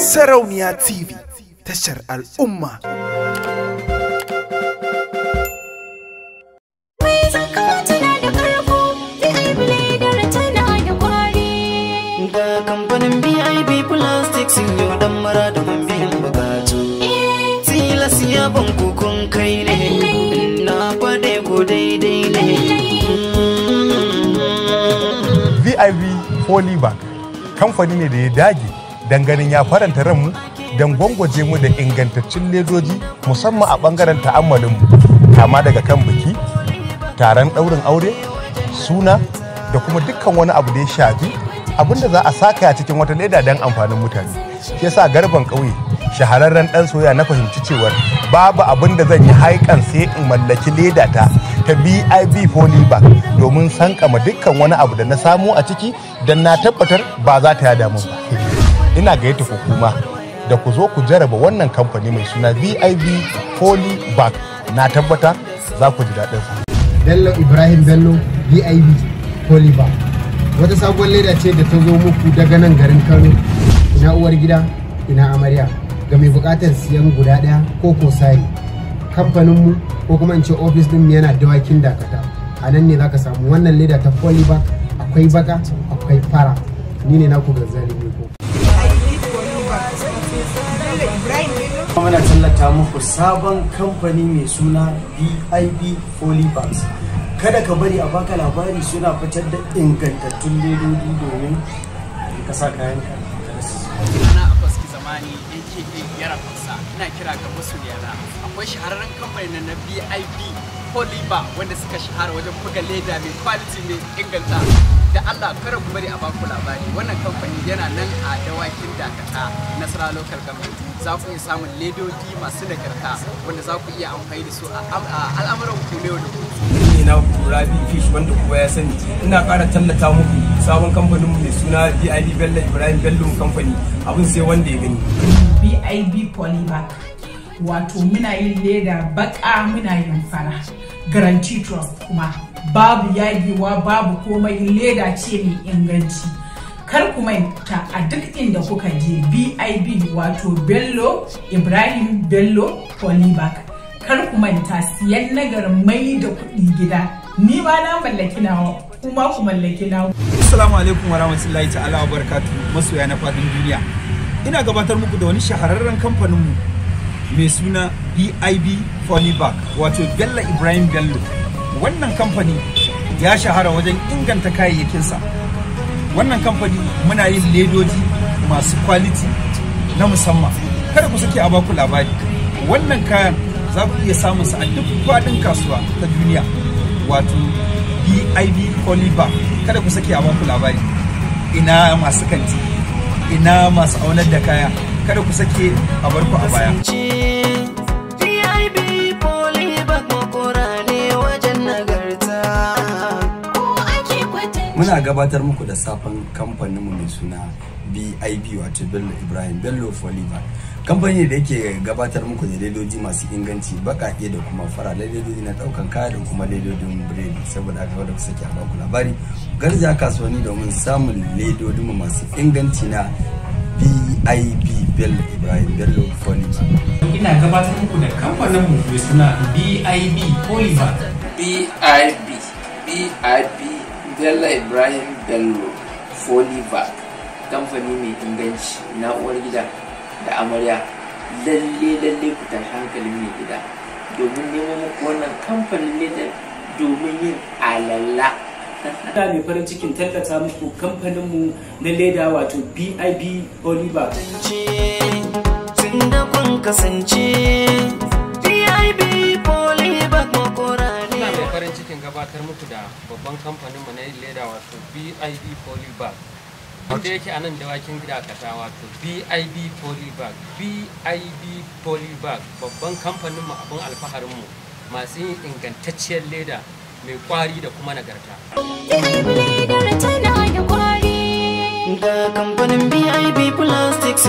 Sarauniya TV tashar al'umma. Ga kamfanin BIB Plastic sun yi dan mara da man biyan bukatu. Tilas ya ban kukun kai ne, na faɗe ko daidai ne. VIB Holy Bank kamfani ne da ya dage don ganin ya faranta ranmu don gwangwaje mu da ingantaccen ledoji musamman a ɓangaren ta'ammalinmu kama daga kan biki taron ɗaurin aure suna da kuma dukkan wani abu da ya shafi abinda za a saka a cikin wata leda don amfanin mutane shi yasa garban ƙauye shahararren ɗan soya na fahimci cewar babu abin da zan yi haikan sai in mallaki leda ta ta bib ba domin sankama dukkan wani abu da na samu a ciki don na tabbatar ba za ta yada mun ba ina gayyata ku kuma da ku zo ku jaraba wannan kamfani mai suna vib poly bag na tabbata za ku ji daɗin sa bello ibrahim bello vib poly bag wata sabuwar leda ce da ta zo muku daga nan garin kano ina uwar gida ina amarya ga mai buƙatar siyan guda ɗaya ko ko sari kamfaninmu ko kuma in ce ofis ɗin yana dawakin dakata a nan ne zaka samu wannan leda ta poly bag akwai baka akwai fara ni ne naku ga ne ko kuma muna tallata muku sabon kamfani mai suna bib folibax kada ka bari a baka labari suna fitar da ingantattun ledodi domin ka sa kayan ka ana zamani yara fasa ina kira ga yara akwai shahararren kamfanin na bib foliba wanda suka shahara wajen buga leda mai kwaliti mai inganta da Allah kar ku bari a baku labari wannan kamfani yana nan a dawakin dakata nasara local government za ku iya samun ledoji masu nagarta wanda za ku iya amfani da su a al'amuran ku ne da ku na rabi fish wanda kowa ya sani ina kara tallata muku sabon kamfanin mai suna bid Bello Ibrahim Bello kamfani abin sai wanda ya gani bid Polymer wato muna yin leda baka muna yin fara garanti trust kuma babu yagewa babu komai leda ce mai inganci kar ku manta a duk inda kuka je bib wato bello ibrahim bello polybag kar ku manta siyan nagar mai da kuɗi gida ni ma na mallaki nawa kuma ku mallaki nawa assalamu alaikum wa rahmatullahi ta'ala wa barakatuhu masoya na fadin duniya ina gabatar muku da wani shahararren kamfanin mu mai suna EIB Foliback wato Bello Ibrahim Bello. Wannan kamfani ya shahara wajen inganta kayayyakinsa. Wannan kamfani muna yin ledoji masu kwaliti na musamman. Kada ku sake a baku labari. Wannan kayan za ku iya samun sa a duk faɗin kasuwa ta duniya wato EIB Foliback. Kada ku sake a baku labari. Ina masu kanti, ina masu aunar da kaya. Kada ku sake a barku a baya. muna gabatar muku da safan kamfaninmu mai suna bib wato bello ibrahim bello folivar kamfani da yake gabatar muku da ledoji masu inganci baƙaƙe da kuma fara ledoji na ɗaukan kaya da kuma ledojin biredi saboda aka wadda kusa a ku labari garja kasuwanni domin samun ledojin masu inganci na bib bello ibrahim bello folivar ina gabatar muku da kamfaninmu mai suna bib b bib bib Abdalla Ibrahim Bello Folivac kamfani mai inganci na uwar gida da amarya lalle lalle fitar hankalin mai gida domin neman muku wannan kamfanin ne da domin yin alalla Ta mai farin cikin tallata muku kamfaninmu na leda wato BIB Oliver. Tun kun babban kamfanin mu na yin leda wato BIB Polybag wanda yake anan dawakin gida kasa wato BIB Polybag BIB Polybag babban kamfanin mu abin alfaharin mu masu yin ingantacciyar leda mai kwari da kuma nagarta. Da kamfanin BIB Plastics